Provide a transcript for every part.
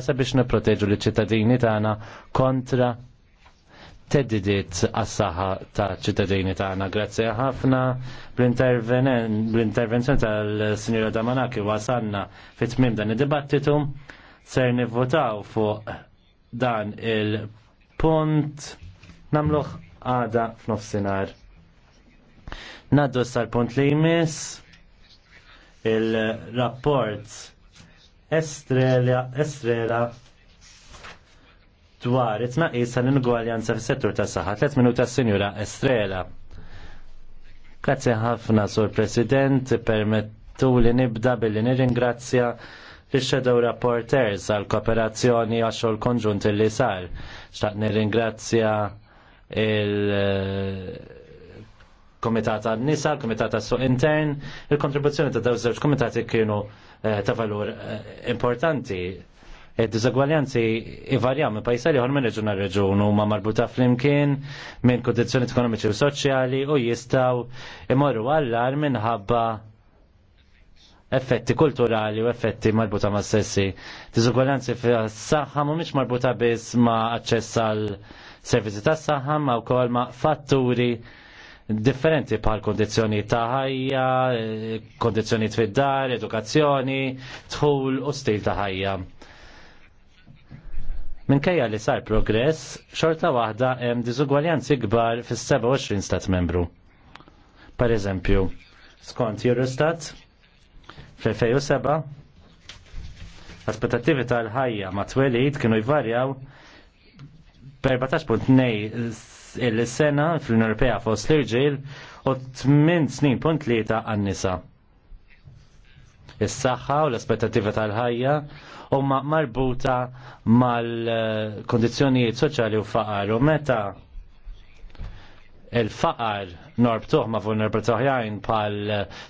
Issa biex nipproteġu li ċittadini tagħna kontra teddidiet għas-saħħa ta' ċittadini tagħna. Grazzi ħafna bl-intervenzjoni tal-Sinjura Damanaki wasanna fi tmim dan id-dibattitu ser nivvotaw fuq dan il-punt namluħ għada f'nofsinhar. Naddu sal-punt li jmiss il-rapport estrela dwar it-naqis l ingwaljanza fis-settur tas-saħħa. Tlet minuta s-Sinjura Estrela. Grazie ħafna, Sur President, permettu li nibda billi nirringrazzja Ix-Shadow Rapporters għal kooperazzjoni għax-xogħol konġunt li sar. Xtaq nirringrazzja il- Komitata għal nisa, komitata għal suq intern, il-kontribuzzjoni ta' daw żewġ komitati kienu Eh, ta' valur eh, importanti. Id-diżegwaljanzi e ivarja minn pajsa li minn reġun għal reġun u ma marbuta flimkien minn kondizjoni ekonomiċi u soċjali u jistaw imorru għallar minħabba effetti kulturali u effetti marbuta ma' sessi. Diżugwalanzi fis-saħħa mhumiex marbuta biss ma' aċċess għal servizi tas-saħħa ma' wkoll ma' fatturi differenti pal kondizjoni ta' ħajja, kondizjoni fid-dar, edukazzjoni, tħul u stil ta' ħajja. Minkejja li sar progress, xorta waħda hemm diżugwaljanzi kbar fis-27 stat membru. Per eżempju, skont Eurostat, fl-2007, l-aspettativi tal-ħajja ma' twelid kienu jvarjaw b'14.2 il-sena fl nurpea fost l-irġiel u 8 snin punt li ta' nisa Is-saħħa u l-aspettativa tal-ħajja huma marbuta mal-kondizzjonijiet eh, soċjali u faqar u meta il-faqar norbtuħ ma' vulnerabilità oħrajn pal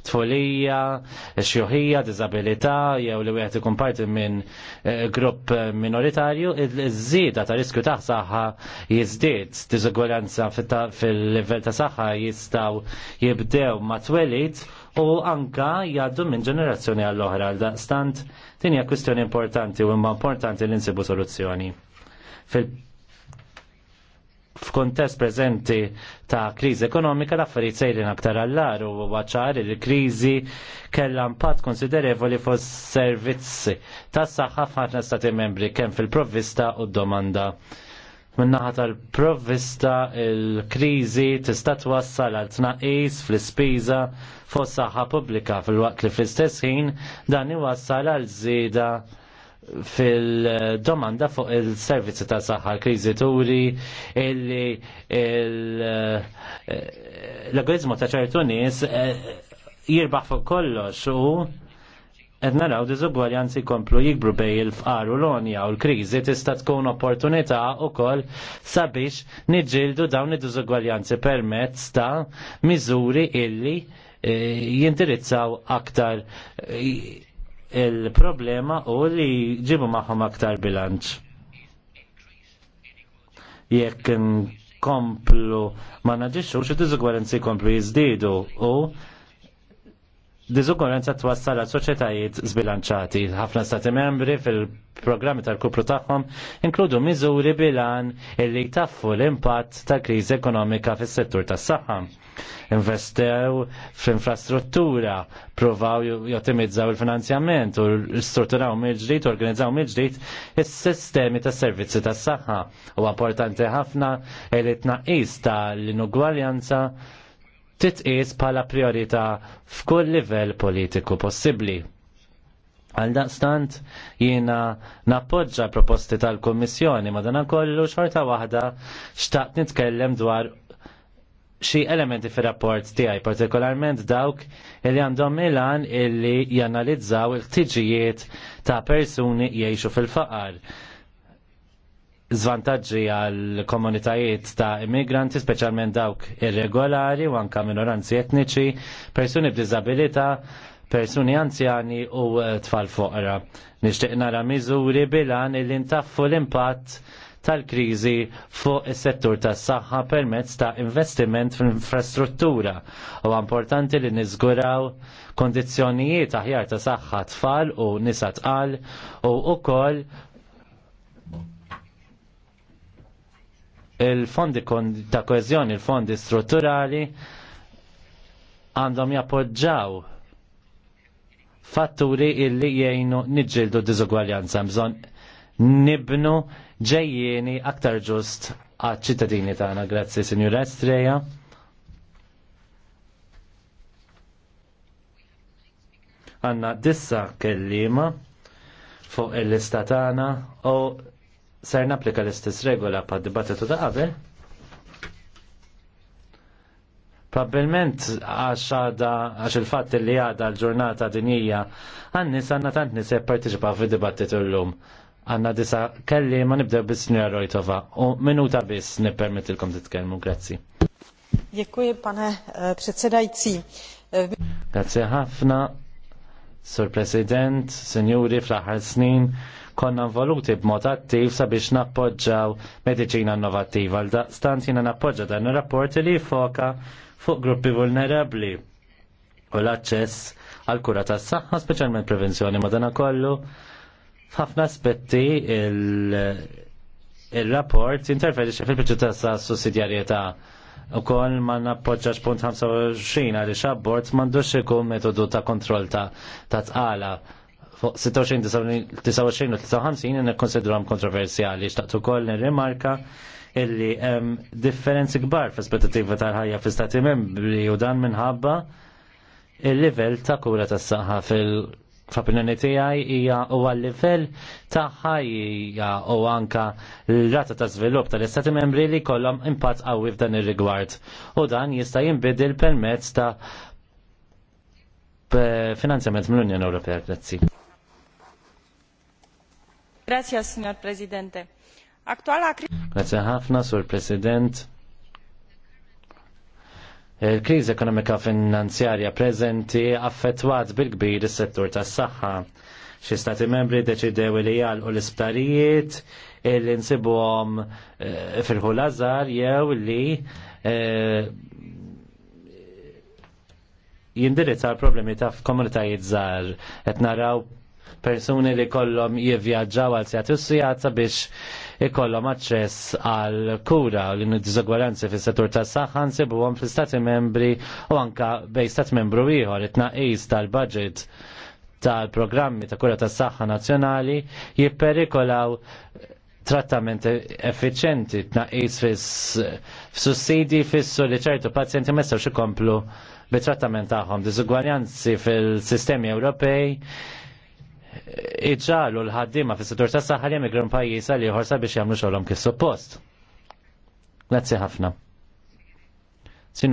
tfulija, xjuħija, diżabilità, jew li wieħed ikun parti minn eh, grupp minoritarju, iż-żieda ta' riskju ta' saħħa jiżdied, diżugwalanza fil-livell ta' saħħa jistgħu jibdew ma' twelid u anka jgħaddu minn ġenerazzjoni għall-oħra għal daqstant din hija kwistjoni importanti u imma importanti li nsibu soluzzjoni f'kuntest preżenti ta' kriżi ekonomika l-affarijiet sejrin aktar għallar u għacċar li kriżi kellha impatt konsiderevoli fuq servizzi tas saħħa f'ħafna stati membri kemm fil-provvista u d-domanda. Minnaħa tal-provvista il-kriżi tista' twassal għal tnaqqis fl-ispiża fos saħħa pubblika fil-waqt li fl-istess ħin dan iwassal għal żieda fil-domanda fuq il-servizzi ta' saħħa l-kriżituri illi l-egoizmu ta' ċertu nies eh, jirbaħ fuq kollox u qed naraw diżugwaljanzi komplu jikbru bej il-fqar u l-onja u l-kriżi tista' tkun opportunità wkoll sabiex niġġieldu dawn id-diżugwaljanzi permezz ta' miżuri illi eh, jindirizzaw aktar eh, il-problema u li ġibu maħħom aktar bilanċ. Jekk komplu ma naġiċu xie diżugwarenzi komplu jizdidu u Diżuguranza twassal għal soċjetajiet zbilanċati. Ħafna stati membri fil-programmi tal-kupru tagħhom inkludu miżuri bilan illi taffu l-impatt tal-kriżi ekonomika fis-settur tas-saħħa. Investew fl-infrastruttura, provaw jottimizzaw il-finanzjament u strutturaw mill-ġdid, organizzaw mill-ġdid is-sistemi tas-servizzi tas-saħħa. U importanti ħafna li tnaqqis tal-inugwaljanza titqis bħala priorità f'kull livell politiku possibbli. Għal daqstant jiena nappoġġa proposti tal-Kommissjoni madankollu xorta waħda xtaqt nitkellem dwar xi elementi fir-rapport tiegħi, partikolarment dawk li għandhom Milan illi janalizzaw il-ħtiġijiet ta' persuni jgħixu fil-faqar zvantaġġi għal komunitajiet ta' immigranti, speċjalment dawk irregolari u anka minoranzi etniċi, persuni b'diżabilità, persuni anzjani u eh, tfal foqra. Nixtieq nara miżuri bilan li ntaffu l-impatt tal-kriżi fuq is-settur tas-saħħa permezz ta' investiment fl-infrastruttura. U importanti li niżguraw kondizjonijiet aħjar ta' saħħa tfal u nisa tqal u wkoll il-fondi ta' koezjoni, il-fondi strutturali għandhom jappoġġaw fatturi illi jgħinu nġildu diżugwaljanza bżon nibnu ġejjieni aktar ġust għad ċittadini tagħna. Grazzi, Sinjura Estreja. Għanna dissa kellima fuq il-lista tagħna u ser naplika l-istess regola pa' dibattitu ta' qabel. Probabilment għax għada għax il-fatt li għada l-ġurnata dinija għanni sanna tant nisa jipparteċipa fi dibattitu l-lum. Għanna disa kelli ma nibdew bis Sinjora Rojtova u minuta bis nippermettilkom titkellmu, grazzi. Dziękuję pane eh, predsedajci. Eh, Grazie ħafna, Sur President, Senjuri, fl-aħħar snin konna involuti b'mod attiv sabiex nappoġġaw mediċina innovattiva. Stant jina nappoġġa dan ir rapporti li foka fuq gruppi vulnerabli u l-aċċess għal kura tas saħħa specialment prevenzjoni madana kollu. F'ħafna aspetti il-rapport il fil-proċess ta' sussidjarjetà u kol ma nappoġġax punt 25 għaliex abbord m'għandux ikun metodu ta' kontroll ta' tqala fuq 26-59 nikkonsidrawhom kontroversjali. Xtaqt ukoll nirrimarka illi hemm differenzi kbar fl-aspettativa tal-ħajja fl-Stati Membri u dan minħabba il-livell ta' kura tas saħħa fil- f'opinjoni tiegħi hija u għal livell ta' ħajja u anka l-rata ta' żvilupp tal-Istati Membri li kollhom impatt qawwi f'dan ir-rigward. U dan jista' jinbidel permezz ta' finanzjament mill-Unjoni Ewropea. Grazzi. Grazie, signor Presidente. Grazie ħafna, sur President. Il-kriżi ekonomika finanzjarja preżenti affettwat bil-kbir is-settur tas-saħħa. Xi stati membri deċidew li jgħalqu l-isptarijiet li nsibuhom e, firħu l jew li e, eh, jindirizza l-problemi ta' komunitajiet żgħar qed naraw persuni li kollom jivvjaġġaw għal sejat u sijat biex ikollom aċċess għal kura u l-dizogwaranzi fis settur tas saħħa nsibuhom għom fil-stati membri u anka bej stat membru ieħor it-naqis tal-budget tal-programmi ta' kura tas saħħa nazzjonali jipperikolaw trattament effiċenti tnaqis fis-sussidi fissu li ċertu pazjenti ma jistgħux ikomplu bit-trattament tagħhom. Diżugwarjanzi fil-sistemi Ewropej iġġalu l-ħaddima fis settur tas saħħa jemigru pajjiż li jħorsa sabiex jagħmlu xogħolhom kif suppost. Grazzi ħafna.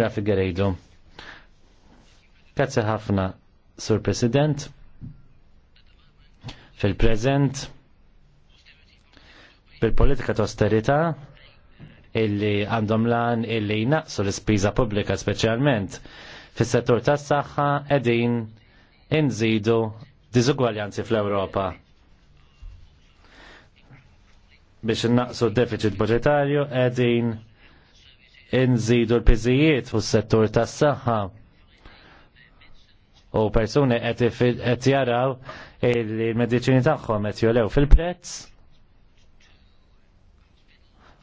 għafi għerejdu. Grazzi ħafna, Sur President. Fil-preżent bil-politika ta' austerità illi għandhom lan illi jnaqsu l-ispiża pubblika speċjalment fis-settur tas-saħħa qegħdin inżidu diżugwaljanzi fl-Ewropa. Biex innaqsu d-deficit budgetarju edin inżidu l-piżijiet u s-settur tas-saħħa. U persuni qed jaraw il-mediċini tagħhom qed jolew fil-prezz.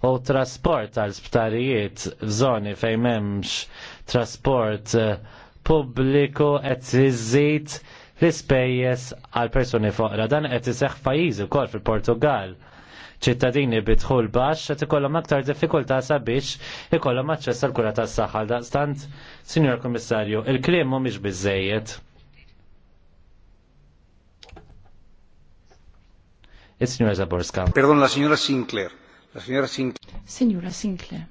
U trasport għal sptarijiet f'żoni fejn m'hemmx trasport eh, pubbliku qed iżid l-ispejjeż għal persuni foqra. Dan qed iseħħ pajjiżi wkoll fil-Portugal ċittadini bidħul baxx qed ikollhom aktar diffikultà sabiex ikollhom aċċess għal kura tas-saħħa daqstant, Sinjor Kummissarju, il-kliem mhumiex biżejjed. Is-Sinjora Zaborska. Perdon, la Signora Sinclair. La Signora Sinclair. Signora Sinclair.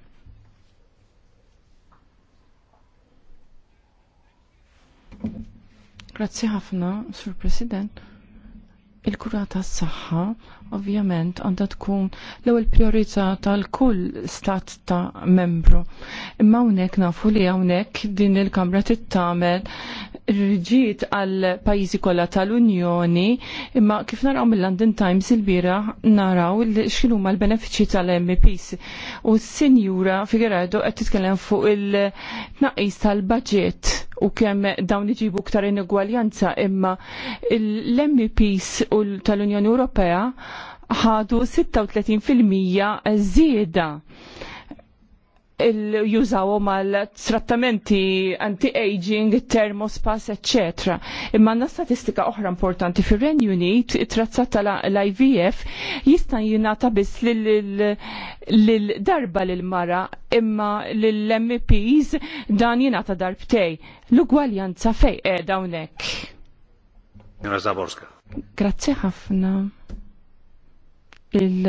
Thank you. Grazzi ħafna, Sur President. Il-kurata s-saxħa, ovvjament, għandha tkun l ewwel priorità tal-kull stat ta' membru. Imma hawnhekk nafu li hawnhekk din il-Kamra t-tamel rġiet għal pajjiżi kollha tal-Unjoni, imma kif naraw mill-London Times il-bira naraw x'kienu ma l-benefiċċji tal-MPs. U s-Sinjura għed qed titkellem fuq il-tnaqqis tal-budget u kemm dawn iġibu ktar inigwaljanza imma l-MPs u tal-Unjoni Ewropea ħadu 36% zieda il-jużawom għal trattamenti anti-aging, termospas, etc. Imma għandna statistika oħra importanti fir renju Unit, it-trazzat tal-IVF jista' jingħata biss lil darba lil mara imma lill MPs dan jingħata darbtej. L-ugwaljanza fejn qiegħda dawnek. Grazzi ħafna. Il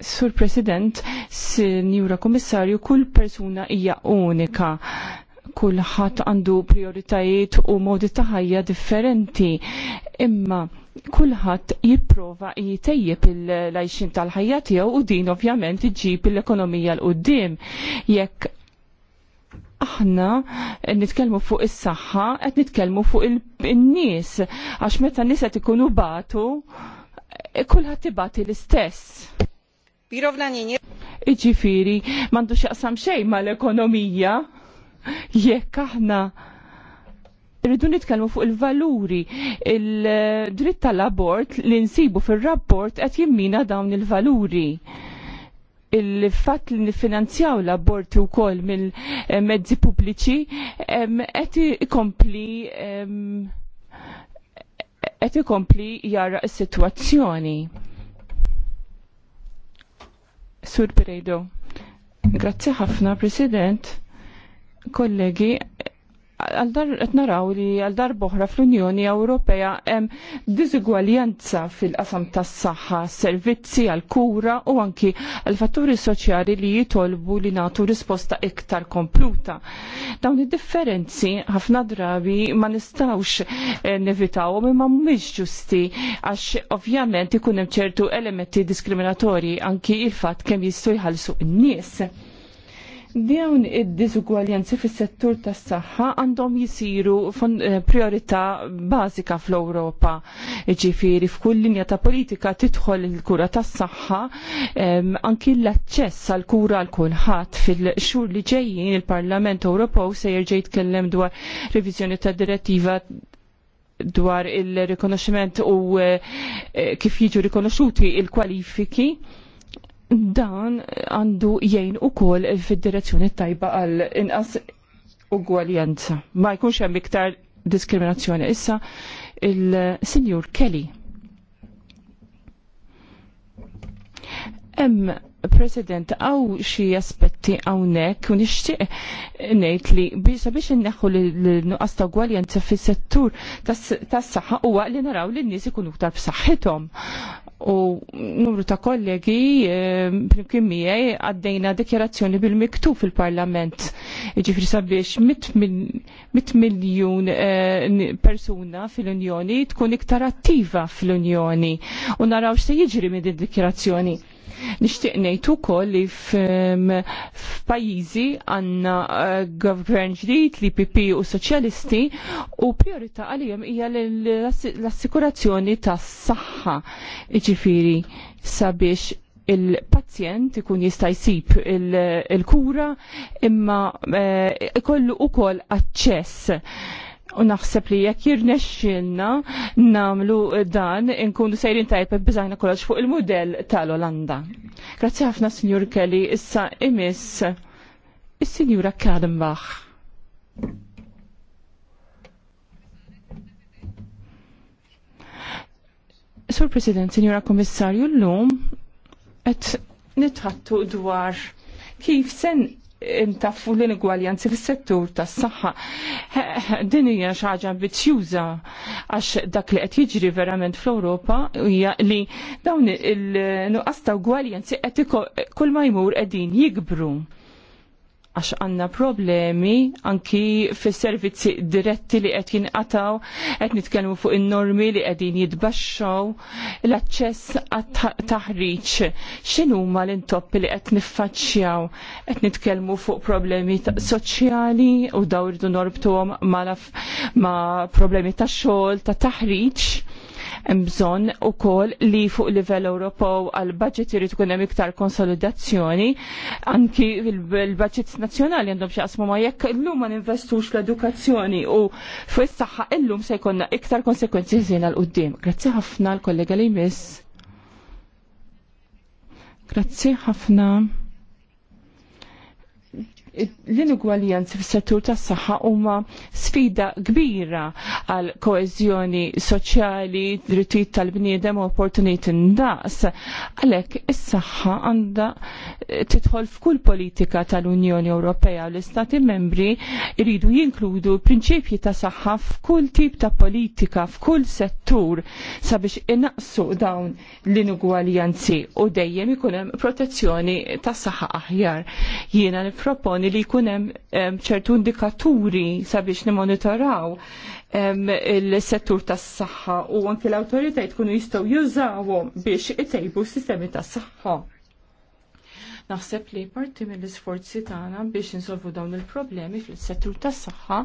Sur President, Sinjura Komissarju, kull persuna hija unika kulħadd għandu prioritajiet u modi ta' ħajja differenti. Imma kulħadd jipprova jitejjeb il-lajxin tal-ħajja tiegħu u din ovvjament iġib l-ekonomija l qudiem Jekk aħna nitkellmu fuq is-saħħa qed nitkellmu fuq in-nies għax meta n-nies qed ikunu batu kulħadd ibati l-istess Birovnanie Iġifiri, mandu xaqsam xej mal-ekonomija. Jekk aħna rridu nitkellmu fuq il-valuri, il-dritt tal-abort li nsibu fil-rapport qed jimmina dawn il-valuri. Il-fatt li nifinanzjaw l-aborti u kol mill-mezzi pubbliċi qed ikompli qed ikompli jara s-sitwazzjoni Sur Peredo. Grazie ħafna, President. Kollegi, għaldar naraw li għal darboħra fl-Unjoni Ewropea hemm diżigwaljenza fil-qasam tas-saħħa, servizzi għal kura u anki għal fatturi soċjali li jitolbu li nagħtu risposta iktar kompluta. Dawn id-differenzi ħafna drabi ma nistawx eh, nevitaw imma mhumiex ġusti għax ovvjament ikun hemm ċertu elementi diskriminatorji anki il-fatt kemm jistgħu jħallsu n-nies Dawn id-diżugwaljanzi fis-settur tas-saħħa għandhom jisiru eh, priorità bażika fl-Ewropa. Ġifiri f'kull linja ta' politika tidħol il-kura tas-saħħa anki l-aċċess għal kura għal kulħadd fil-xhur li ġejjin il-Parlament Ewropew se jerġej jitkellem dwar reviżjoni tad direttiva dwar il-rikonoxximent u eh, kif jiġu rikonoxxuti il-kwalifiki. il kwalifiki Dan għandu jgħin u kol fil-direzzjoni tajba għal inqas ugwaljanza. Ma jkunx hemm iktar diskriminazzjoni. Issa il-Sinjur Kelly. President, għaw xie aspetti għawnek, u nishtiq nejt li biex biex neħu l-nuqqas ta' gwaljanza fi settur tas saħħa u li naraw li n-nis ikunu ktar b'saħħithom. U numru ta' kollegi, primkim eh, miegħi għaddejna dekjerazzjoni bil-miktub fil-Parlament. Ġifri sabiex 100 miljun eh, persuna fil-Unjoni tkun iktar attiva fil-Unjoni. U naraw x'se jiġri minn din dikjerazzjoni Nixtieq ngħid ukoll li f'pajjiżi għanna eh, govern ġdijt li PP u soċjalisti u priorita għalijem hija l-assikurazzjoni tas-saħħa. Ġifieri sabiex il-pazjent ikun jista' jsib il-kura imma eh, ikollu ukoll aċċess U naħseb li jekk jirnexxilna namlu dan inkunu sejrin tajpe biżajna kollox fuq il-mudell tal-Olanda. Grazzi ħafna Sinjur Kelly, issa imiss is-Sinjura Kadenbach. Sur President, Sinjura Kommissarju l-lum qed nitħattu dwar kif sen intaffu l-inigwaljanzi fis-settur tas-saħħa. Din hija xi ħaġa ambizzjuża għax dak li qed jiġri verament fl-Ewropa hija li dawn il-nuqqas ta' gwaljanzi qed kull ma jmur qegħdin jikbru għax għanna problemi anki fis servizzi diretti li qed jinqataw, qed nitkellmu fuq in-normi li qegħdin jitbaxxaw l-aċċess għat-taħriġ. Xinu ma l-intoppi li qed niffaċċjaw? Qed nitkellmu fuq problemi soċjali u daw norbtu norbtuhom ma' problemi ta' xogħol ta' taħriġ Bżonn ukoll li fuq livell Ewropew għal budget irid ikun hemm iktar konsolidazzjoni, anki il-budgets nazzjonali għandhom x'jaqsmu ma jekk illum ma ninvestux fl-edukazzjoni u fis-saħħa illum se jkollna iktar konsekwenzi żiena l qudiem Grazzi ħafna l-kollega li jmiss. Grazzi ħafna l-inugwaljanzi fis-settur tas-saħħa huma sfida kbira għal koeżjoni soċjali, drittijiet tal-bniedem u opportunijiet indaqs. Għalhekk is-saħħa għandha eh, tidħol f'kull politika tal-Unjoni Ewropea u l-Istati membri jridu jinkludu prinċipji ta' saħħa f'kull tip ta' politika, f'kull settur sabiex inaqsu dawn l-inugwaljanzi u dejjem ikun hemm protezzjoni tas-saħħa aħjar. Jiena nipproponi bżonni li jkun hemm ċertu indikaturi sabiex nimonitoraw il-settur tas-saħħa u anke l-awtoritajiet jkunu jistgħu jużawhom biex itejbu s-sistemi tas-saħħa. Naħseb li parti mill-isforzi tagħna biex insolvu dawn il-problemi fil-settur tas-saħħa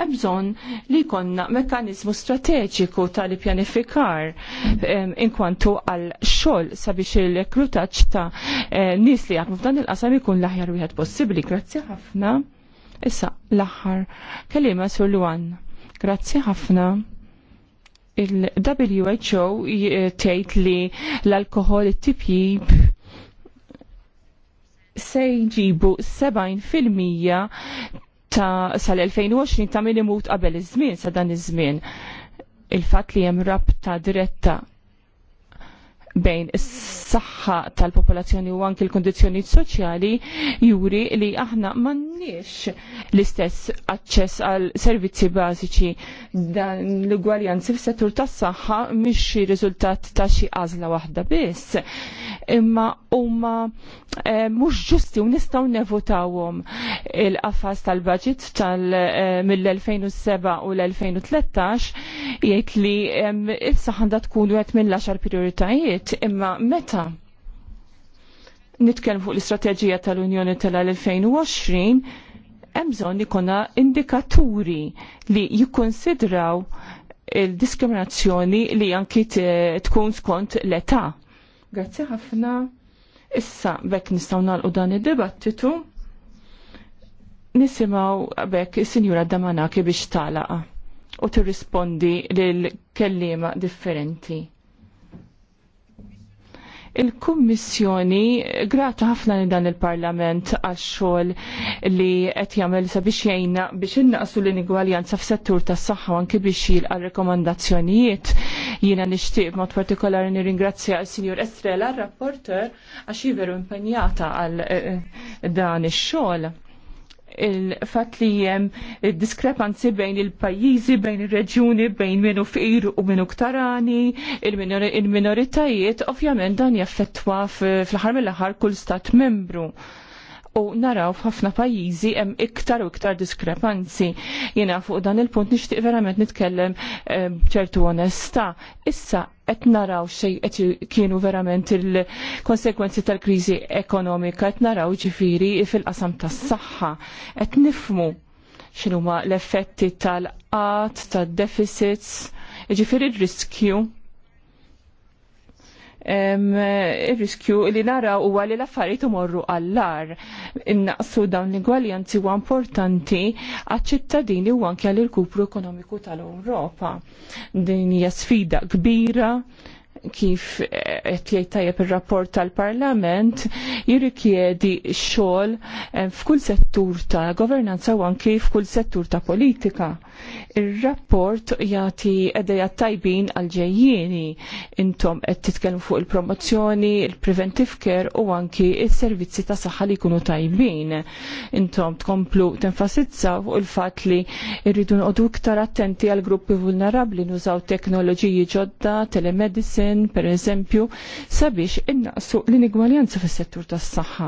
hemm bżonn li jkollna mekkaniżmu strateġiku tal-ippjanifikar inkwantu għal xogħol sabiex il rekrutaġġ ta' eh, nies li jaħdmu f'dan il-qasam ikun l-aħjar wieħed possibbli. Grazzi ħafna. Issa l-aħħar kelima sur Luan. Grazzi ħafna il-WHO eh, tgħid li l-alkohol it-tipjib se jġibu 70% ta' sal-2020 ta' min imut qabel iż-żmien sa' dan iż-żmien. Il-fatt li hemm rabta diretta bejn is-saħħa tal-popolazzjoni u anki l-kondizzjonijiet soċjali juri li aħna m'għandniex l-istess aċċess għal servizzi bażiċi dan l-ugwaljanzi fis-settur tas-saħħa mhix riżultat ta' xi għażla waħda biss. Imma huma eh, mhux ġusti u nistgħu nevotawhom il-qafas tal-budget tal baġit eh, tal mill 2007 u l-2013 jgħid li eh, s-saħħa tkun wieħed mill-10 prioritajiet ftit imma meta nitkellmu fuq l-istrateġija tal-Unjoni tal-2020 hemm bżonn ikuna indikaturi li jikkonsidraw il-diskriminazzjoni li anki tkun skont l-età. Grazzi ħafna. Issa bekk nistgħu nagħlqu dan id-dibattitu nisimgħu bekk is-Sinjura Damanaki biex talaqa u tirrispondi lil kelliema differenti. Il-Kummissjoni grata ħafna li dan il-Parlament għax xogħol li qed jagħmel sabiex jgħinna biex innaqsu l-inigwaljanza f'settur tas-saħħa anke biex jilqa' rekomandazzjonijiet. Jiena nixtieq mod partikolari nirringrazzja l-Sinjur Estrela, rapporteur, rapporter għax veru impenjata għal eh, eh, dan ix-xogħol il-fat li jem diskrepanzi bejn il-pajjiżi, bejn il-reġjuni, bejn minu fqir u minu ktarani, il-minoritajiet, ovvjament dan jaffettwa fl-ħar mill-ħar kull stat membru u naraw f'ħafna pajjiżi hemm iktar u iktar diskrepanzi. Jiena fuq dan il-punt nixtieq verament nitkellem eh, bċertu onesta. Issa qed naraw xej qed kienu verament il-konsekwenzi tal-kriżi ekonomika, qed naraw ġifiri fil-qasam tas-saħħa, qed nifmu x'inhuma l-effetti tal qat tad-deficits, ġifiri r-riskju ir-riskju li naraw huwa li l-affarijiet imorru għall Innaqsu dawn l-igwaljanzi huwa importanti għacċittadini ċittadini u anke għall-irkupru ekonomiku tal-Ewropa. Din hija sfida kbira kif qed jgħid tajjeb ir-rapport tal-Parlament jirrikjedi xogħol eh, f'kull settur ta' governanza u anki f'kull settur ta' politika. Ir-rapport jagħti edejja tajbin għal ġejjieni intom qed titkellmu fuq il-promozzjoni, il-preventive care u anki s-servizzi ta' saħħa li jkunu tajbin. Intom tkomplu tenfasizza fuq il-fatt li rridu nqogħdu iktar attenti għal gruppi vulnerabbli nużaw teknoloġiji ġodda, telemedicine, Schengen, per eżempju, sabiex innaqsu l-inigwaljanza fis-settur tas-saħħa.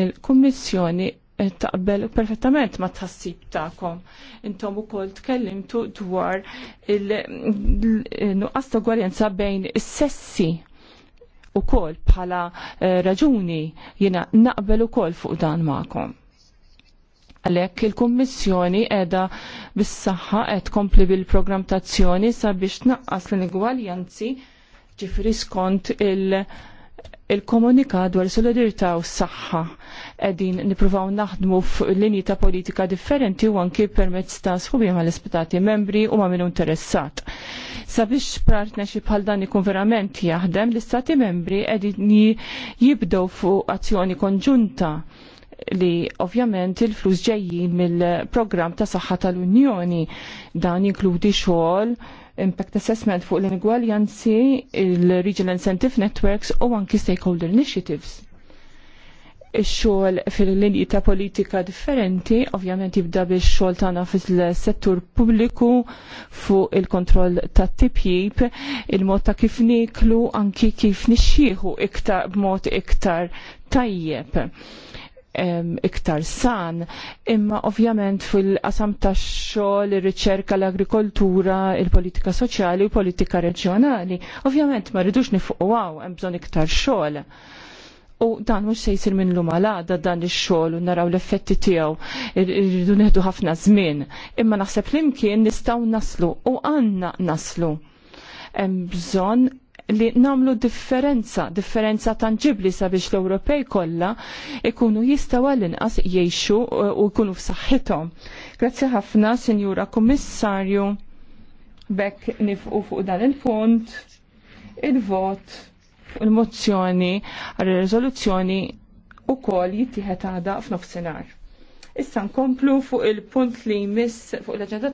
Il-Kummissjoni taqbel perfettament ma tħassib ta'kom. Intom u koll tkellimtu dwar il-nuqqas ta' gwarjenza bejn is-sessi u koll bħala eh, raġuni jina naqbel u koll fuq dan ma'kom. Għalhekk il-Kummissjoni edha bis-saħħa qed tkompli bil-programm tazzjoni sabiex tnaqqas l-inigwaljanzi ġifri skont il- komunikat dwar solidarità u s-saħħa qegħdin nippruvaw naħdmu f'linji ta' politika differenti u anki permezz ta' sħubija mal ispitati membri u ma' minn interessat. Sabiex partnership bħal dan ikun verament jaħdem, l-istati membri qegħdin jibdew fuq azzjoni konġunta li ovvjament il-flus ġejjin mill-programm ta' saħħa tal-Unjoni dan jinkludi xogħol impact assessment fuq l inigwaljanzi il-Regional Incentive Networks u anki stakeholder initiatives. Ix-xogħol fil-linji ta' politika differenti ovvjament jibda biex xogħol tagħna fis-settur pubbliku fuq il-kontroll tat tipjib, il-mod ta' kif niklu anki kif nixxieħu iktar b'mod iktar tajjeb iktar san, imma ovvjament fil-qasam tax xogħol, ir-riċerka, l-agrikoltura, il-politika soċjali u politika reġjonali. Ovvjament ma rridux nifuqwaw hemm bżonn iktar xogħol. U dan mhux se jsir minn lum għalada dan ix-xogħol u naraw l-effetti tiegħu irridu neħdu ħafna żmien. Imma naħseb l-imkien nistgħu naslu u għandna naslu. Hemm bżonn li namlu differenza, differenza tangibli sabiex l-Ewropej kollha ikunu jistaw għal inqas jgħixu uh, u jkunu f'saħħithom. Grazzi ħafna, Sinjura Kommissarju. bekk nifqu fuq dan il-punt, il-vot, il-mozzjoni, il-rezoluzzjoni u kol jittiħet għada f'nofsinhar. Issa nkomplu fuq il-punt li jmiss fuq l-aġenda